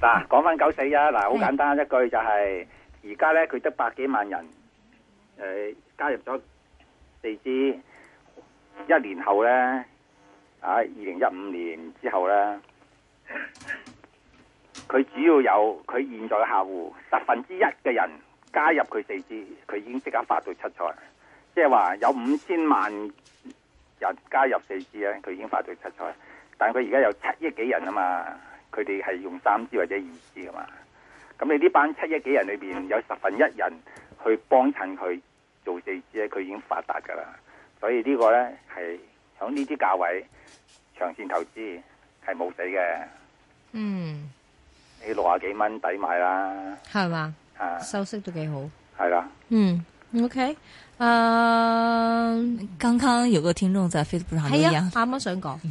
嗱，講翻九四吖，嗱，好簡單是一句就係、是，而家咧佢得百幾萬人，誒、哎、加入咗四支，一年後咧，啊二零一五年之後咧，佢只要有佢現在嘅客戶十分之一嘅人加入佢四支，佢已經即刻發到七彩，即係話有五千萬人加入四支咧，佢已經發到七彩，但佢而家有七億幾人啊嘛。佢哋係用三支或者二支噶嘛，咁你呢班七億幾人裏邊有十分一人去幫襯佢做四支咧，佢已經發達噶啦，所以個呢個咧係響呢啲價位長線投資係冇死嘅。嗯，你六啊幾蚊抵買啦，係嘛？啊，收息都幾好，係啦。嗯，OK，誒，剛剛有個聽眾在 Facebook 上係啊，啱啱想講。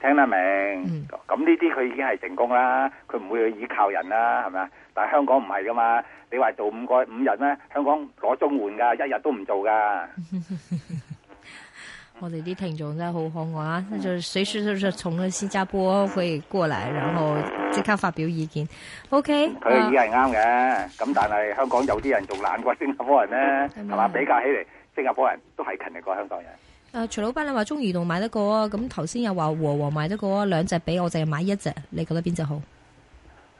聽得明白，咁呢啲佢已經係成功啦，佢唔會去依靠人啦，係咪啊？但係香港唔係噶嘛，你話做五個五日咧，香港攞綜援噶，一日都唔做噶。 我哋啲聽眾真係好可愛啊，嗯、就隨時隨地從去新加坡去過嚟，然後即刻發表意見。O K，佢嘅意見係啱嘅，咁但係香港有啲人仲懶過新加坡人咧，係嘛？比較起嚟，新加坡人都係勤力過香港人。誒、啊，徐老闆，你話中移動買得過啊？咁頭先又話和黃買得過啊？兩隻俾我，淨係買一隻，你覺得邊隻好？誒、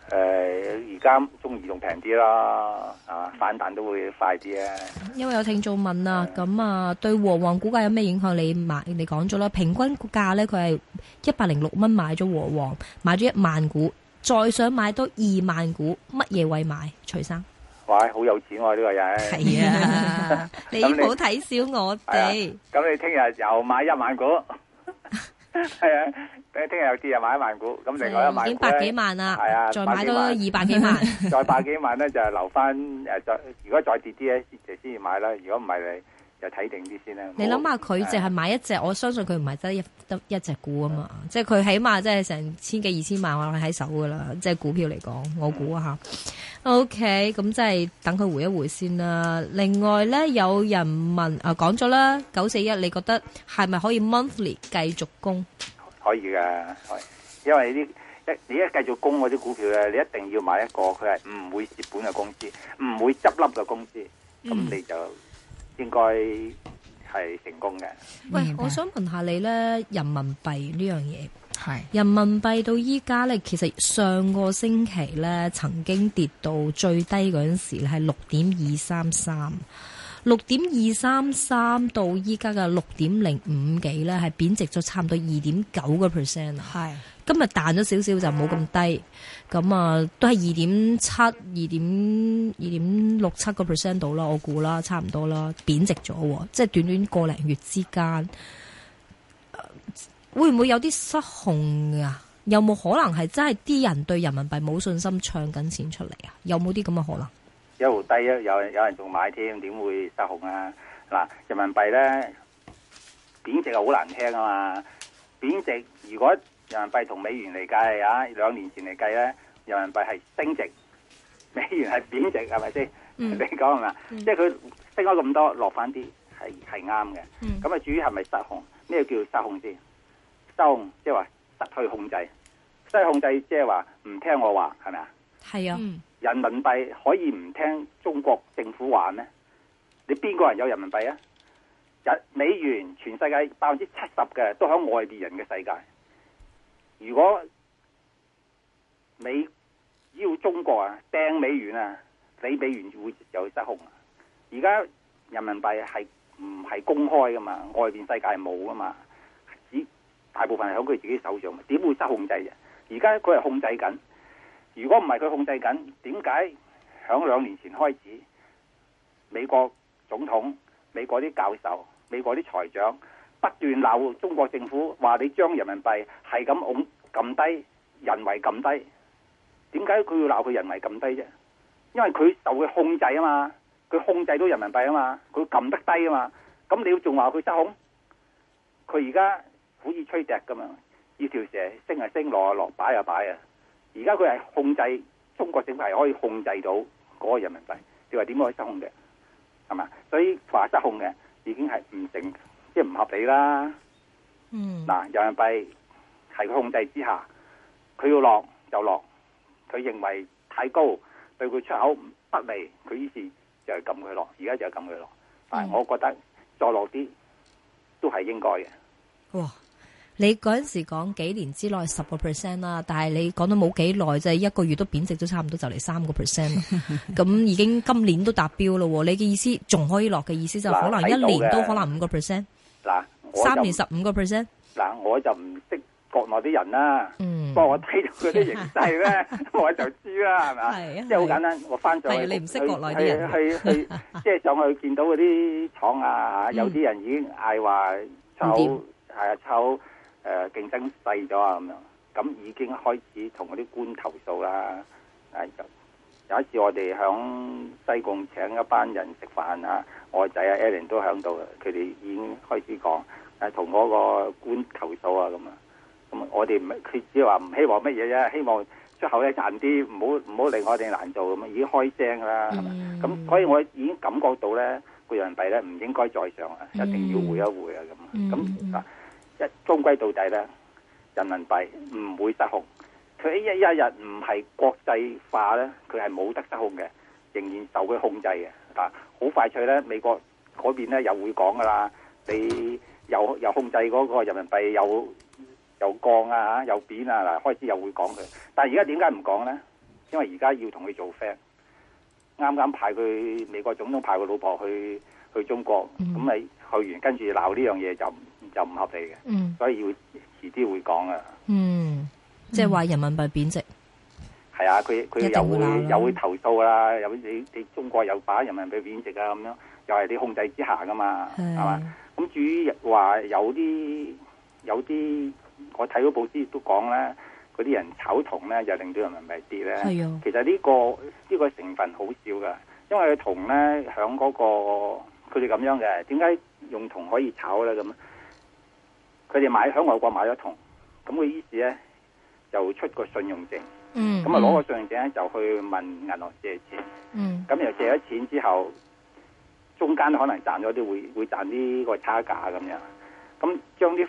呃，而家中移動平啲啦，啊，反彈都會快啲啊！因為有聽眾問啊，咁啊，對和黃股價有咩影響？你買你講咗啦，平均股價咧，佢係一百零六蚊買咗和黃，買咗一萬股，再想買多二萬股，乜嘢位買，徐生？哇，好有錢喎、啊、呢個人。係啊， 你唔好睇小我哋。咁、啊、你聽日又買一萬股，聽日聽日有啲又買一萬股，咁另外一萬，啊、幾百幾萬啦、啊，係啊，再買多二百幾萬，再，多多萬 再百幾萬咧就留翻誒，再如果再跌啲咧就先要買啦，如果唔係你。就睇定啲先啦。你諗下佢淨係買一隻、嗯，我相信佢唔係得一得一隻股啊嘛。即係佢起碼即係成千幾二千萬落喺手噶啦。即係股票嚟講，我估啊吓。OK，咁即係等佢回一回先啦。另外咧，有人問啊，講咗啦，九四一你覺得係咪可以 monthly 繼續供？可以噶，因為呢一,一你一繼續供嗰啲股票咧，你一定要買一個佢係唔會蝕本嘅公司，唔會執笠嘅公司，咁、嗯、你就。應該係成功嘅。喂，我想問下你呢，人民幣呢樣嘢，係人民幣到依家呢，其實上個星期呢曾經跌到最低嗰陣時呢係六點二三三，六點二三三到依家嘅六點零五幾呢係貶值咗差唔多二點九個 percent，係。今日彈咗少少就冇咁低，咁啊都係二點七、二點二點六七個 percent 到啦，我估啦，差唔多啦，貶值咗，即係短短個零月之間，啊、會唔會有啲失控啊？有冇可能係真係啲人對人民幣冇信心，唱緊錢出嚟啊？有冇啲咁嘅可能？一路低啊，有有人仲買添，點會失控啊？嗱、啊，人民幣咧貶值係好難聽啊嘛，貶值如果。人民幣同美元嚟計啊，兩年前嚟計咧，人民幣係升值，美元係貶值，係咪先？嗯、 是你講係咪？即係佢升咗咁多，落翻啲係係啱嘅。咁啊，至、嗯、於係咪失控？咩叫失控先？失控即係話失去控制，失去控制即係話唔聽我話，係咪啊？係、嗯、啊！人民幣可以唔聽中國政府話咩？你邊個人有人民幣啊？日美元全世界百分之七十嘅都喺外邊人嘅世界。如果美要中國啊掟美元啊，你美元就會就會失控啊。而家人民幣係唔係公開嘅嘛？外邊世界冇嘅嘛？只大部分係喺佢自己手上，點會失控制啫？而家佢係控制緊。如果唔係佢控制緊，點解響兩年前開始美國總統、美國啲教授、美國啲財長，不斷鬧中國政府話，你將人民幣係咁拱撳低，人為撳低，點解佢要鬧佢人為撳低啫？因為佢就會控制啊嘛，佢控制到人民幣啊嘛，佢撳得低啊嘛，咁你要仲話佢失控？佢而家好似吹笛噶嘛，要條蛇升啊升落啊落擺啊擺啊，而家佢係控制，中國政府係可以控制到嗰個人民幣，你話點可以失控嘅？係嘛，所以話失控嘅已經係唔整。即唔合理啦，嗯，嗱，有人民幣係佢控制之下，佢要落就落，佢認為太高對佢出口不利，佢於是他就係撳佢落，而家就係撳佢落。但係我覺得、嗯、再落啲都係應該嘅。哇，你嗰陣時講幾年之內十個 percent 啦，但係你講到冇幾耐就啫，一個月都貶值都差唔多就嚟三個 percent 啦，咁、啊、 已經今年都達標咯、啊。你嘅意思仲可以落嘅意思就可能一年都可能五個 percent。啊嗱，三年十五個 percent。嗱，我就唔識國內啲人啦，不、嗯、過我睇到嗰啲形勢咧， 我就知啦，係 咪？即係好簡單，我翻上去。係你唔識國內啲人的去？係即係上去見到嗰啲廠啊，有啲人已經嗌話、嗯、抽係啊抽、呃、競爭細咗啊咁樣，咁已經開始同嗰啲官投訴啦，哎就有一次我哋響西貢請一班人食飯啊，我仔啊 Ellen 都響度，佢哋已經開始講，誒同嗰個官投訴啊咁啊，咁我哋唔，佢只係話唔希望乜嘢啫，希望出口咧賺啲，唔好唔好令我哋難做咁啊，已經開聲啦，係嘛、mm -hmm. 所以我已經感覺到咧，個人民幣咧唔應該再上啊，一定要回一回啊咁，咁、mm、啊 -hmm.，一終歸到底咧，人民幣唔會失控。佢一一日唔係國際化咧，佢係冇得失控嘅，仍然受佢控制嘅。啊，好快脆咧，美國嗰邊咧又會講噶啦，你又又控制嗰個人民幣又又降啊，又貶啊，嗱，開始又會講佢。但係而家點解唔講咧？因為而家要同佢做 friend，啱啱派佢美國總統派佢老婆去去中國，咁、嗯、你去完跟住鬧呢樣嘢就就唔合理嘅。嗯，所以要遲啲會講啊。嗯。即係話人民幣貶值，係、嗯、啊！佢佢又會，會又會投訴啦。又啲你你中國又把人民幣貶值啊，咁樣又係你控制之下噶嘛，係嘛？咁至於話有啲有啲，我睇到報紙都講咧，嗰啲人炒銅咧，就令到人民幣跌咧。係其實呢個呢個成分好少噶，因為銅咧響嗰個佢哋咁樣嘅點解用銅可以炒咧？咁佢哋買響外國買咗銅，咁佢於是咧。就出個信用證，咁啊攞個信用證咧就去問銀行借錢，咁、嗯、又借咗錢之後，中間可能賺咗啲會會賺啲個差價咁樣，咁將啲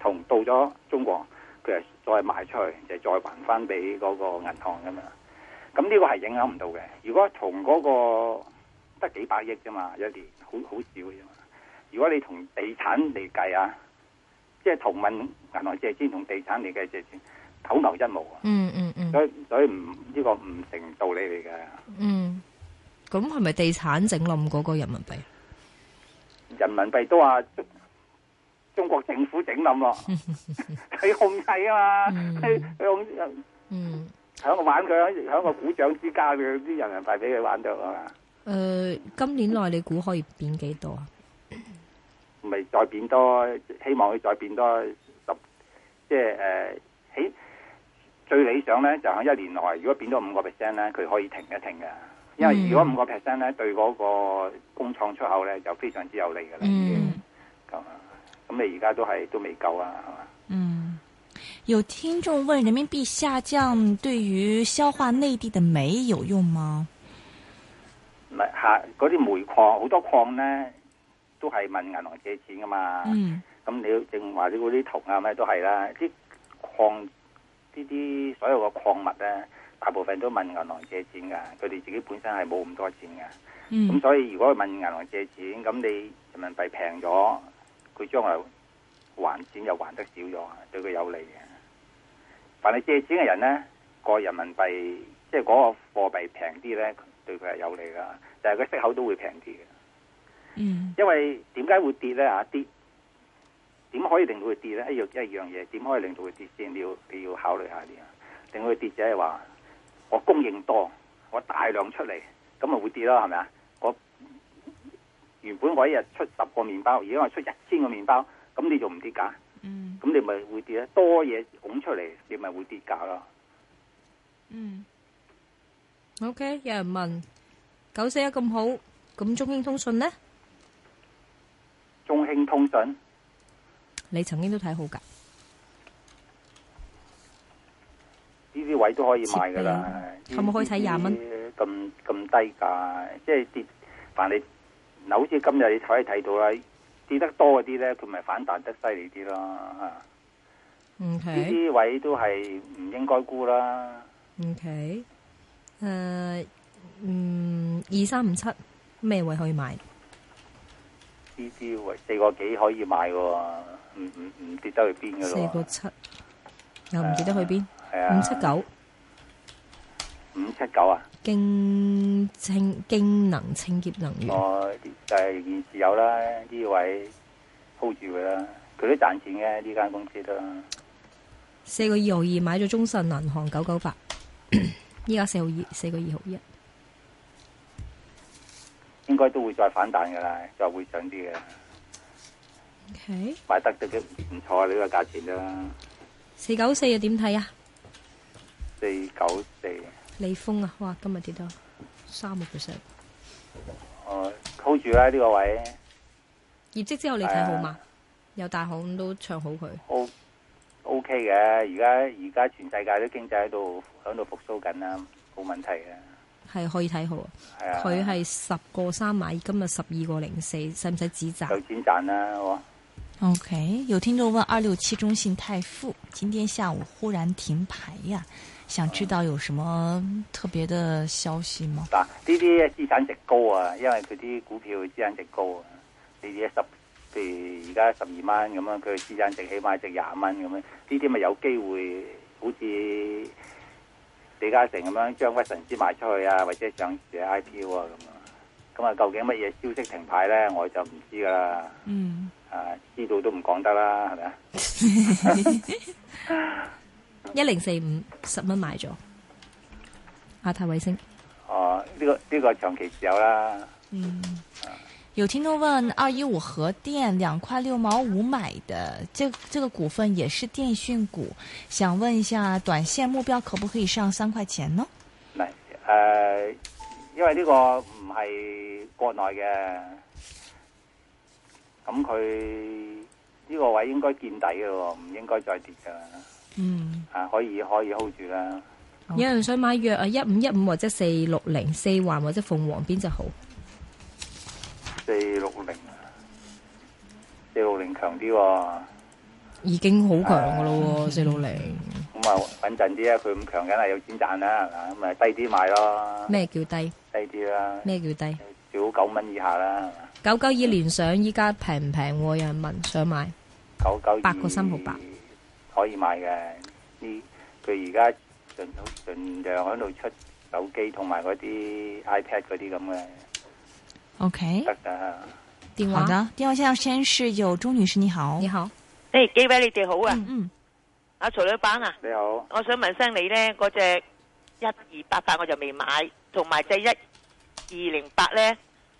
銅到咗中國，佢就再賣出去，就再還翻俾嗰個銀行咁樣，咁呢個係影響唔到嘅。如果銅嗰、嗰個得幾百億啫嘛，一年好好少嘅啫嘛。如果你同地產嚟計啊，即係同問銀行借錢同地產嚟計借錢。九牛一毛啊！嗯嗯嗯，所以所以唔呢個唔成道理嚟嘅。嗯，咁係咪地產整冧嗰個人民幣？人民幣都話中國政府整冧咯，佢控制啊嘛，佢佢控嗯響我玩佢響個鼓掌之家嘅啲人民幣俾佢玩咗啊嘛。誒，今年內你估可以變幾多啊？唔係再變多，希望佢再變多十，即係誒起。最理想咧，就喺一年內，如果變咗五個 percent 咧，佢可以停一停嘅。因為如果五個 percent 咧，對嗰個工廠出口咧，就非常之有利嘅啦。嗯，咁、嗯、啊，咁你而家都係都未夠啊，係嘛？嗯，有聽眾問：人民幣下降對於消化內地嘅煤有用嗎？係吓，嗰啲煤礦好多礦咧，都係問銀行借錢噶嘛嗯，咁你正或者嗰啲銅啊咩都係啦，啲礦。呢啲所有嘅礦物咧，大部分都問銀行借錢噶，佢哋自己本身係冇咁多錢噶。咁、嗯、所以如果問銀行借錢，咁你人民幣平咗，佢將來還錢又還得少咗，對佢有利嘅。凡係借錢嘅人咧，個人民幣即係嗰個貨幣平啲咧，對佢係有利噶，但係佢息口都會平啲嘅。嗯，因為點解會跌咧啊跌？點可以令到佢跌咧？一樣一樣嘢，點可以令到佢跌先？你要你要考慮下啲啊。令佢跌就係話，我供應多，我大量出嚟，咁咪會跌咯，係咪啊？我原本我一日出十個麵包，而家我出一千個麵包，咁你就唔跌價？嗯，咁你咪會跌咧？多嘢拱出嚟，你咪會跌價咯。嗯。Okay，OK，有人問九四一咁好，咁中興通訊咧？中興通訊。你曾經都睇好噶，呢啲位都可以買噶啦。係咪可以睇廿蚊？咁咁低價，即係跌，但你嗱，好似今日你可以睇到啦，跌得多嗰啲咧，佢咪反彈得犀利啲咯。okay. 呢啲位都係唔應該沽啦。O K，誒，嗯，二三五七咩位可以買？呢啲四個幾可以買嘅，唔唔唔跌得去邊嘅咯。四個七，又唔跌得去邊？係啊，啊，五七九，五七九啊。經清清經能清潔能源。哦，就係有啦，呢位 hold 住佢啦，佢都賺錢嘅呢間公司都。四個二毫二買咗中信銀行九九八，依 家四毫二，四個二毫一。應該都會再反彈噶啦，再會上啲嘅。O、okay. K，買得都幾唔錯呢個價錢啦。四九四啊，點睇啊？四九四，利豐啊，哇！今日跌到三個 percent。哦，hold 住啦呢個位置。業績之後你睇好嗎？Yeah。有大行都唱好佢。O O K 嘅，而家而家全世界都經濟喺度響度復甦緊啦，冇問題嘅。係可以睇好啊！佢係十個三買，今日十二個零四，使唔使止賺？有錢賺啦！O K，有聽到話二六七中信泰富今天下午忽然停牌呀、啊，想知道有什麼特別嘅消息嗎？呢啲嘅資產值高啊，因為佢啲股票資產值高啊，呢啲十譬如而家十二蚊咁樣，佢資產值起碼值廿蚊咁樣，呢啲咪有機會好似。李嘉誠咁樣將屈臣氏賣出去啊，或者上市 I P u 啊，咁啊，咁啊究竟乜嘢消息停牌咧？我就唔知㗎啦。嗯。啊，知道都唔講得啦，係 咪 10啊？一零四五十蚊買咗亞太衛星。哦，呢個呢個長期持有啦。嗯。啊有聽眾問：二一五和電兩塊六毛五買嘅，這這個股份也是電訊股，想問一下短線目標可不可以上三塊錢囉？唔係，嗯，誒、呃，因為呢個唔係國內嘅，咁佢呢個位應該見底嘅，唔應該再跌噶。嗯，啊，可以可以 hold 住啦。有人想買約啊一五一五或者四六零四環或者鳳凰邊隻好。四六零強啲，已經好強噶咯，四六零。咁啊，穩陣啲啊，佢咁強梗係有錢賺啦，咁咪低啲買咯。咩叫低？低啲啦。咩叫低？少九蚊以下啦。九九二聯想依家平唔平？有人問想買九九二，八個三毫八可以買嘅。呢佢而家盡盡量喺度出手機同埋嗰啲 iPad 嗰啲咁嘅。OK。得噶。電話呢？電話先生先是有，鍾女士你好，你好，誒、hey, 幾位你哋好啊？嗯，阿、嗯啊、曹老闆啊，你好，我想問聲你咧，嗰隻一二八八我就未買，同埋隻一二零八咧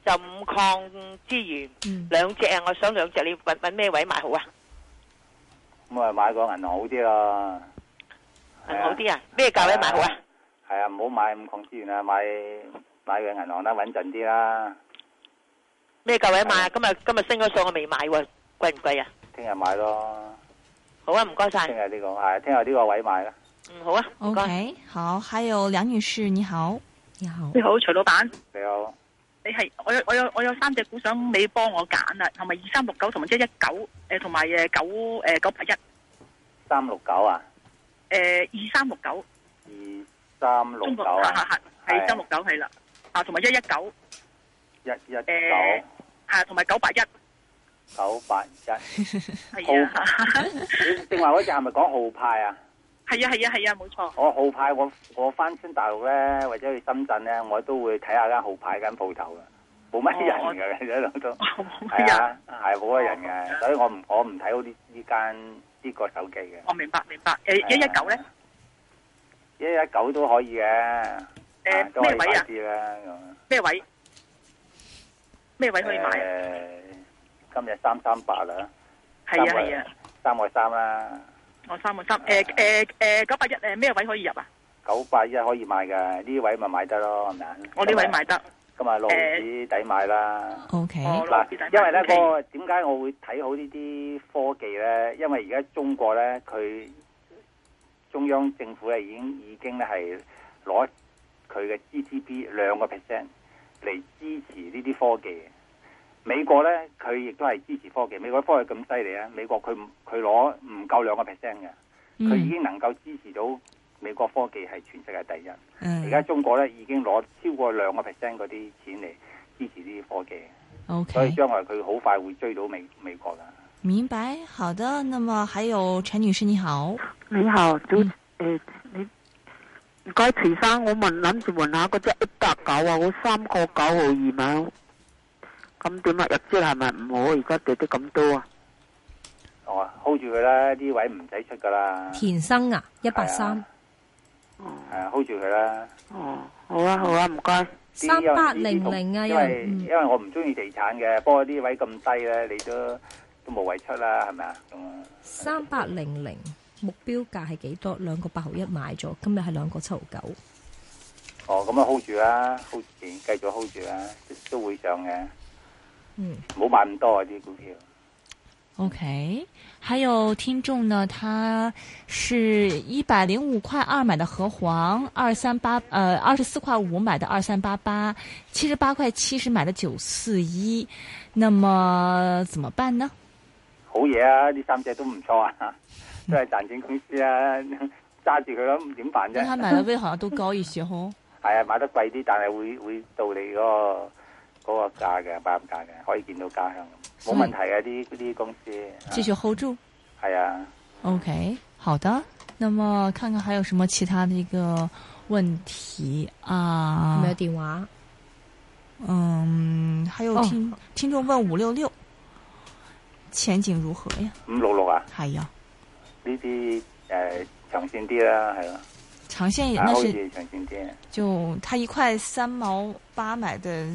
就五礦資源，嗯、兩隻啊，我想兩隻你揾揾咩位買好啊？咁、嗯、啊，我買個銀行好啲啦，銀行好啲啊？咩價、啊、位買好啊？係啊，唔好、啊、買五礦資源啊，買買個銀行啦，穩陣啲啦。咩價位買啊？啊，今日今日升咗數，我未買，貴唔貴啊？聽日買咯。好啊，唔該晒。聽下呢個係聽日呢個位置買啦。嗯，好啊。OK，謝謝好。還有梁女士你好，你好。你好，徐老闆。你好。你係，我有我有我有三隻股想你幫我揀啦，同埋二三六九，同埋一一九，誒，同埋誒九誒九八一。三六九啊？誒、呃，二三六九。二三六九係、啊啊、三六九係啦、啊。啊，同埋一一九。一一九，吓同埋九八一，九八一，係號派， 你正話嗰陣係咪講號派啊？係啊係啊係啊，冇錯、啊啊。我號派，我我翻村大陸咧，或者去深圳咧，我都會睇下間號牌間鋪頭嘅，冇乜人嘅，哦、 都係、哦、啊，係冇乜人嘅、哦，所以我唔我唔睇好呢呢間呢個手機嘅。我明白明白，誒一一九咧，一一九都可以嘅，誒咩位啊？咩、呃、位、啊？咁咩位咩位可以買啊？哎、今日三三八啦，係啊係啊，三個三啦，我三個三，誒誒誒九八一，誒、oh, 咩、uh, uh, 位可以入啊？九八一可以買噶，呢位咪買得咯，係咪我呢位買得，咁啊落紙底買啦。O K. 嗱，因為咧、那個點解我會睇好呢啲科技咧？因為而家中國咧，佢中央政府咧已經已經咧係攞佢嘅 G D P 兩個 percent。嚟支持呢啲科技，美國呢，佢亦都係支持科技。美國科技咁犀利啊！美國佢佢攞唔夠兩個 percent 嘅，佢已經能夠支持到美國科技係全世界第一。嗯、而家中國呢，已經攞超過兩個 percent 嗰啲錢嚟支持呢啲科技。Okay、所以將來佢好快會追到美美國啦。明白，好的。那麼還有，陳女士你好，你好，嗯唔該，田生，我問諗住問下嗰隻一百九啊，我三個九號二？咁點啊？入資係咪唔好？而家跌得咁多啊？哦，hold 住佢啦，呢位唔使出噶啦。田生啊，一百三，係啊，hold 住佢啦。哦，好啊，好啊，唔該。三八零零啊，因為因為我唔中意地產嘅，不過呢位咁低咧，你都都冇位出啦，係咪啊？三八零零。目標價係幾多？兩個八毫一買咗，今日係兩個七毫九。哦，咁啊 hold 住啦、啊，hold 住，繼續 hold 住啦、啊，都會漲嘅。嗯，唔好買咁多啲、啊、股票。OK，還有聽眾呢？他是一百零五塊二買的和黃，二三八，呃，二十四塊五買的二三八八，七十八塊七是買的九四一。那麼怎麼辦呢？好嘢啊！呢三隻都唔錯啊！都係賺錢公司啊！揸住佢咁點辦啫？佢買嘅位好像都高一些，嗬。係啊，買得貴啲，但係會會到你、那個嗰、那個價嘅，報價嘅，可以見到家鄉，冇問題啊，啲啲公司。繼續 hold 住。係啊，啊。OK，好的。那麼看看還有什麼其他的一個問題啊？沒有冇電話？嗯，還有聽、oh. 聽眾問五六六前景如何呀？五六六啊，係啊。呢啲誒長線啲啦，係、呃、啦，長線也，當然長線啲、啊。就他一塊三毛八買的，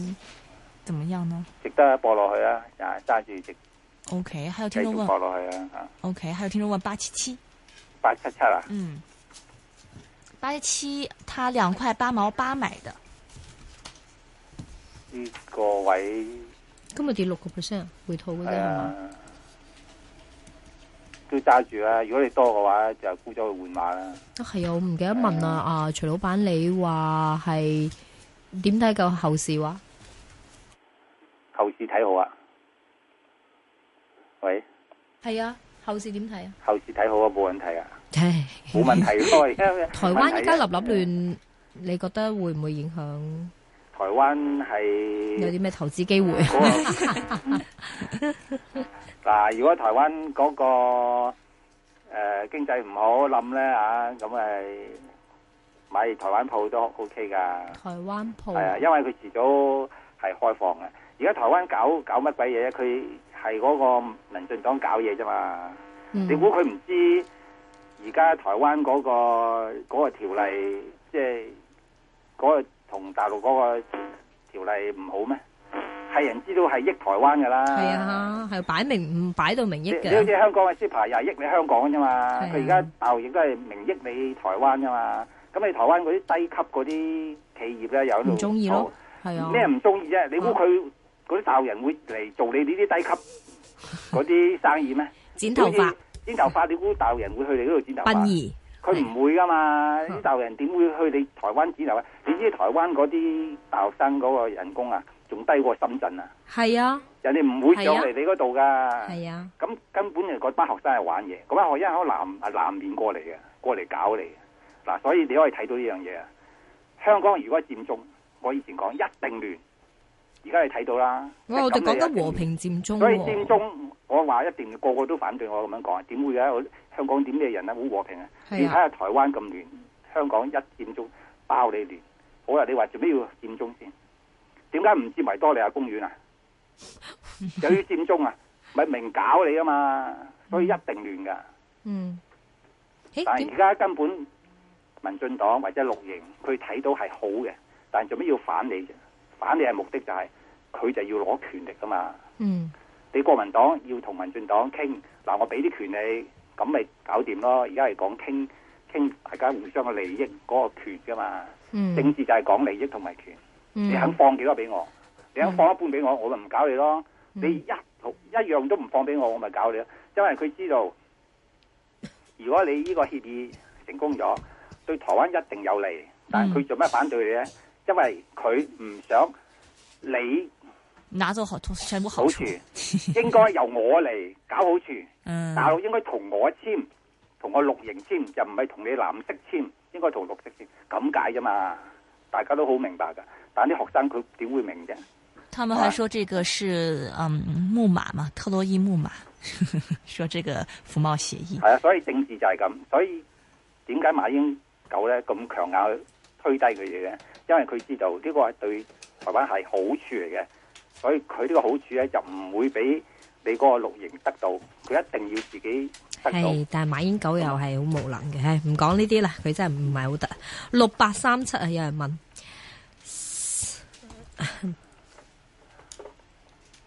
怎麼樣呢？值得博落去啊，揸住值。O、okay, K，還有聽眾問，繼續博落去啊。O、okay, K，還有聽眾問八七七，八七七啊？嗯，八七七，他兩塊八毛八買的。呢、這個位今日跌六個 percent 回頭嘅係嘛？都揸住啦，如果你多嘅話就沽咗去換馬啦。啊係啊，我唔記得問啦。啊，徐老板你話係點睇嚿後市話？後市睇好啊！喂。係啊，後市點睇啊？後市睇好啊，冇 問題啊，冇問題該。台灣而家立立亂，你覺得會唔會影響？台灣係有啲咩投資機會？啊嗱，如果台灣嗰、嗰個誒、呃、經濟唔好諗咧嚇，咁咪買台灣鋪都 OK 噶。台灣鋪，係啊，因為佢遲早係開放嘅。而家台灣搞搞乜鬼嘢？佢係嗰個民進黨搞嘢啫嘛。你估佢唔知而家台灣嗰、嗰個嗰、嗰個、條例，即係嗰個同大陸嗰個條例唔好咩？係人知道係益台灣噶啦，係啊嚇，係擺明唔擺到明益嘅。你好似香港嘅 s 牌又益你香港嘅啫嘛。佢而家大陸亦都係明益你台灣噶嘛。咁你台灣嗰啲低級嗰啲企業咧，又喺度做，咩唔中意啫？你估佢嗰啲大陸人會嚟做你呢啲低級嗰啲生意咩？剪頭髮，剪頭髮，你估大陸人會去你嗰度剪頭髮？佢唔會噶嘛？啊、大陸人點會去你台灣剪頭髮？你知台灣嗰啲大陸生嗰個人工啊？仲低過深圳啊！係啊，人哋唔會上嚟你嗰度㗎。係啊，咁、啊、根本係嗰班學生係玩嘢。嗰、那、班、個、學生喺南啊南面過嚟嘅，過嚟搞你的。嗱、啊，所以你可以睇到呢樣嘢啊。香港如果佔中，我以前講一定亂。而家你睇到啦、就是。我哋講得和平佔中、哦，所以佔中我話一定個個都反對我咁樣講，點會啊？香港點嘅人啊？好和平啊！啊你睇下台灣咁亂，香港一佔中包你亂。好啦，你話做咩要佔中先？點解唔知維多利亞公園啊？由於佔中啊？咪明搞你啊嘛！所以一定亂噶。嗯，但係而家根本民進黨或者綠營，佢睇到係好嘅，但係做咩要反你？反你嘅目的就係、是、佢就要攞權力噶嘛。嗯，你國民黨要同民進黨傾，嗱我俾啲權力，咁咪搞掂咯。而家係講傾傾，大家互相嘅利益嗰個權噶嘛。政治就係講利益同埋權。你肯放幾多俾我？你肯放一半俾我，我咪唔搞你咯、嗯。你一一,一樣都唔放俾我，我咪搞你咯。因為佢知道，如果你呢個協議成功咗，對台灣一定有利。但係佢做咩反對你呢？因為佢唔想你攞咗全部好處，應該由我嚟搞、嗯、搞好處。嗯，大陸應該同我簽，同我綠營簽，就唔係同你藍色簽。應該同綠色簽，咁解啫嘛。大家都好明白噶，但啲學生佢點會明啫？他們還說這個是嗯木馬嘛，特洛伊木馬，呵呵說這個服貿協議。係啊，所以政治就係咁，所以點解馬英九咧咁強硬推低佢嘢咧？因為佢知道呢個係對台灣係好處嚟嘅，所以佢呢個好處咧就唔會俾你嗰個綠營得到，佢一定要自己。係，但係馬英九又係好無能嘅，唔講呢啲啦。佢真係唔係好得。六八三七啊，有人問，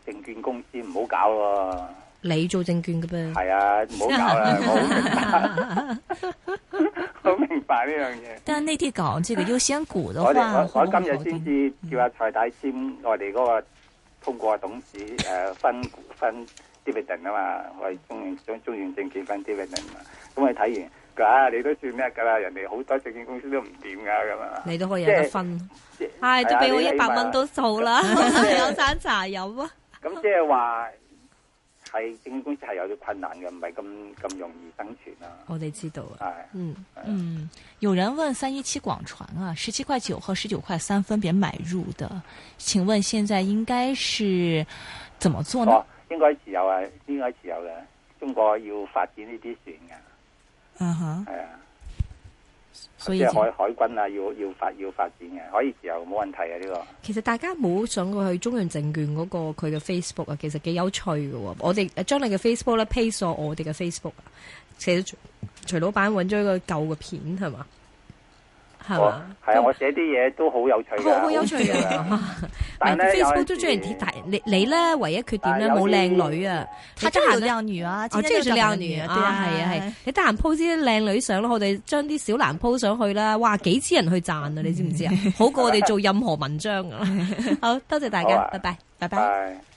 證券公司唔好搞咯。你做證券嘅咩？係啊，唔好搞啦，好明白，好明白呢樣嘢。但呢啲講這個優先股的話，我我今日先至叫阿蔡大簽我哋嗰個通過董事誒分股分。dividend 啊嘛，我哋中原證券分 dividend 嘛，咁你睇完，佢啊你都算叻噶啦，人哋好多證券公司都唔掂噶咁啊，你都可以有得分，唉、就是哎，都俾我一百蚊都數啦， 就是、 有盞茶飲啊。咁即係話係證券公司係有啲困難嘅，唔係咁咁容易生存啊。我哋知道、嗯、啊，嗯嗯，有人問三一七廣船啊，十七塊九和十九塊三分別買入的，請問現在應該是怎麼做呢？哦應該自由啊！應該自由嘅，中國要發展呢啲船嘅，嗯、uh、哼 -huh.，係啊，即係海海軍啊，要要發要發展嘅，可以自由冇問題嘅、啊、呢、這個。其實大家冇想過去中原證券嗰、那個佢嘅 Facebook 啊，其實幾有趣嘅。我哋將你嘅 Facebook 咧 paste 我哋嘅 Facebook 啊，其實徐老闆揾咗一個舊嘅片係嘛。是吧。系係、哦、啊！我寫啲嘢，都好有趣，好、哦、有趣啊！係 Facebook 都中意貼大你你咧，唯一缺點咧冇靚女啊！我中意靚女啊，我中意靚女啊，係啊係、啊啊啊啊！你得閒 po 啲靚女相咯，我哋將啲小蘭鋪上去啦，哇！幾千人去讚啊！你知唔知啊、嗯？好過我哋做任何文章啦、啊、 好多謝大家、啊，拜拜，拜拜。拜拜。